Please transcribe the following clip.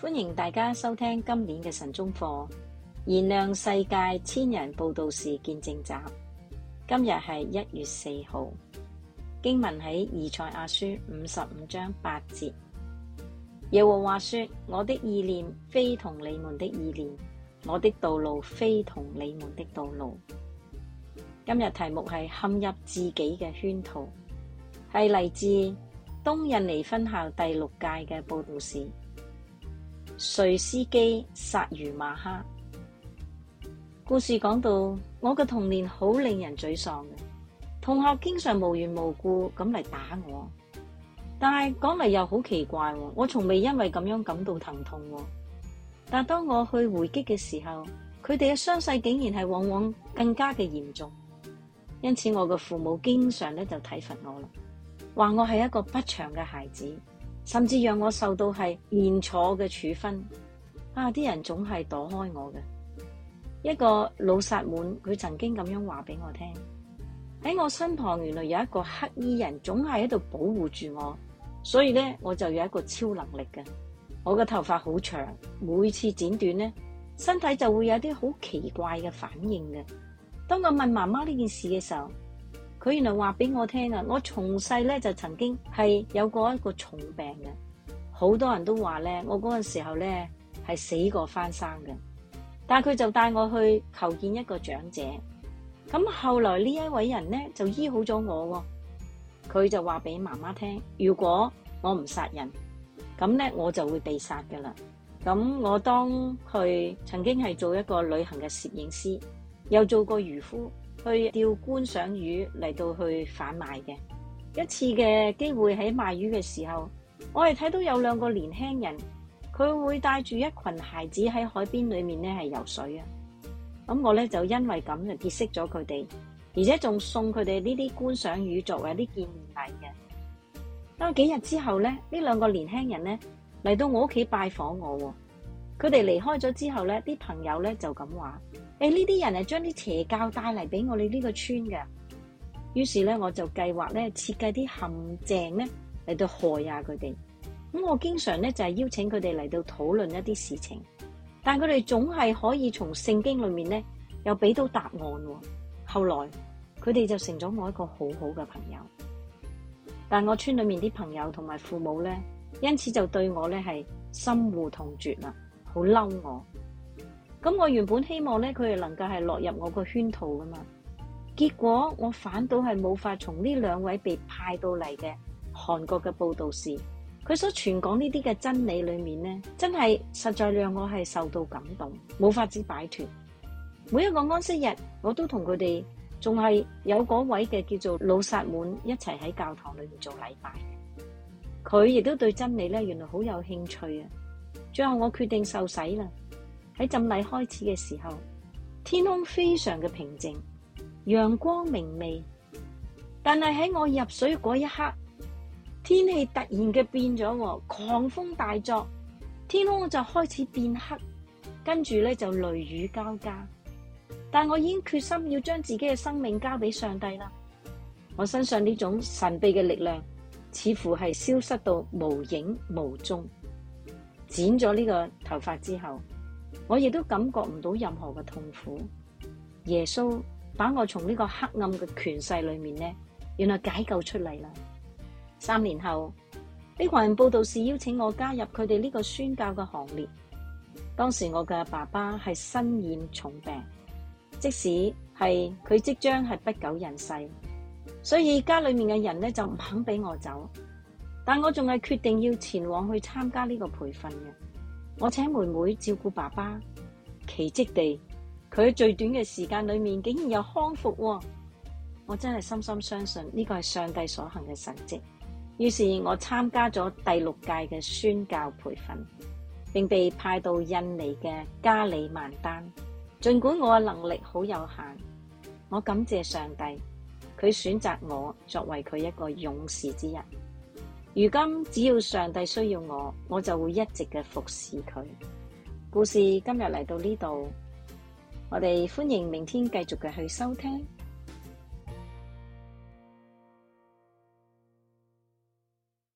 歡迎大家收聽今年嘅晨鐘課，燃亮世界千人佈道士見證集。今日係一月四號，經文喺以賽亞書五十五章八節。耶和華說：我的意念非同你們的意念，我的道路非同你們的道路。今日題目係陷入自己嘅圈套，係嚟自東印尼分校第六屆嘅佈道士。瑞斯機殺如馬哈故事講到，我嘅童年好令人沮喪嘅，同學經常無緣無故咁嚟打我，但係講嚟又好奇怪，我從未因為咁樣感到疼痛。但當我去回擊嘅時候，佢哋嘅傷勢竟然係往往更加嘅嚴重。因此我嘅父母經常咧就體罰我啦，話我係一個不祥嘅孩子。甚至讓我受到係連坐嘅處分，啊！啲人總係躲開我嘅。一個老薩滿，佢曾經咁樣話俾我聽。喺我身旁原來有一個黑衣人，總係喺度保護住我。所以咧，我就有一個超能力嘅。我嘅頭髮好長，每次剪短咧，身體就會有啲好奇怪嘅反應嘅。當我問媽媽呢件事嘅時候，佢原來話俾我聽啊！我從細咧就曾經係有過一個重病嘅，好多人都話咧，我嗰陣時候咧係死過翻生嘅。但係佢就帶我去求見一個長者，咁後來呢一位人咧就醫好咗我喎。佢就話俾媽媽聽：「如果我唔殺人，咁咧我就會被殺㗎喇。咁我當佢曾經係做一個旅行嘅攝影師，又做過漁夫。去釣觀賞魚嚟到去販賣嘅一次嘅機會。喺賣魚嘅時候，我係睇到有兩個年輕人，佢會帶住一群孩子喺海邊裏面咧係游水啊！咁我咧就因為咁就結識咗佢哋，而且仲送佢哋呢啲觀賞魚作為見面禮嘅。當幾日之後咧，呢兩個年輕人咧嚟到我屋企拜訪我喎。佢哋離開咗之後咧，啲朋友咧就咁話，誒呢啲人係將啲邪教帶嚟俾我哋呢個村嘅。於是咧，我就計劃咧設計啲陷阱咧嚟到害下佢哋。咁我經常咧就係邀請佢哋嚟到討論一啲事情，但佢哋總係可以從聖經裏面咧又俾到答案。後來佢哋就成咗我一個好好嘅朋友，但我村裏面啲朋友同埋父母咧，因此就對我咧係深惡痛絕啦。好嬲我，咁我原本希望咧，佢哋能夠係落入我個圈套噶嘛。結果我反倒係冇法從呢兩位被派到嚟嘅韓國嘅佈道士，佢所傳講呢啲嘅真理裏面咧，真係實在讓我係受到感動，冇法子擺脫。每一個安息日，我都同佢哋仲係有嗰位嘅叫做老薩滿一齊喺教堂裏面做禮拜。佢亦都對真理咧，原來好有興趣啊。最後我決定受洗啦。喺浸禮開始嘅時候，天空非常嘅平靜，陽光明媚。但係喺我入水嗰一刻，天氣突然嘅變咗，狂風大作，天空就開始變黑，跟住咧就雷雨交加。但我已經決心要將自己嘅生命交俾上帝啦。我身上呢種神秘嘅力量，似乎係消失到無影無蹤。剪咗呢個頭髮之後，我亦都感覺唔到任何嘅痛苦。耶穌把我從呢個黑暗嘅權勢裏面呢，原來解救出嚟啦。三年後，呢群人佈道士邀請我加入佢哋呢個宣教嘅行列。當時我嘅爸爸係身染重病，即使係佢即將係不久人世，所以家裏面嘅人呢，就唔肯俾我走。但我仲係決定要前往去參加呢個培訓嘅。我請妹妹照顧爸爸，奇蹟地佢喺最短嘅時間裏面竟然有康復，哦。我真係深深相信呢，呢個係上帝所行嘅神蹟。於是我參加咗第六屆嘅宣教培訓，并被派到印尼嘅加里曼丹。盡管我嘅能力好有限，我感謝上帝，佢選擇我作為佢一個勇士之一。如今只要上帝需要我，我就會一直嘅服侍佢。故事今日嚟到呢度，我哋歡迎明天繼續嘅去收聽。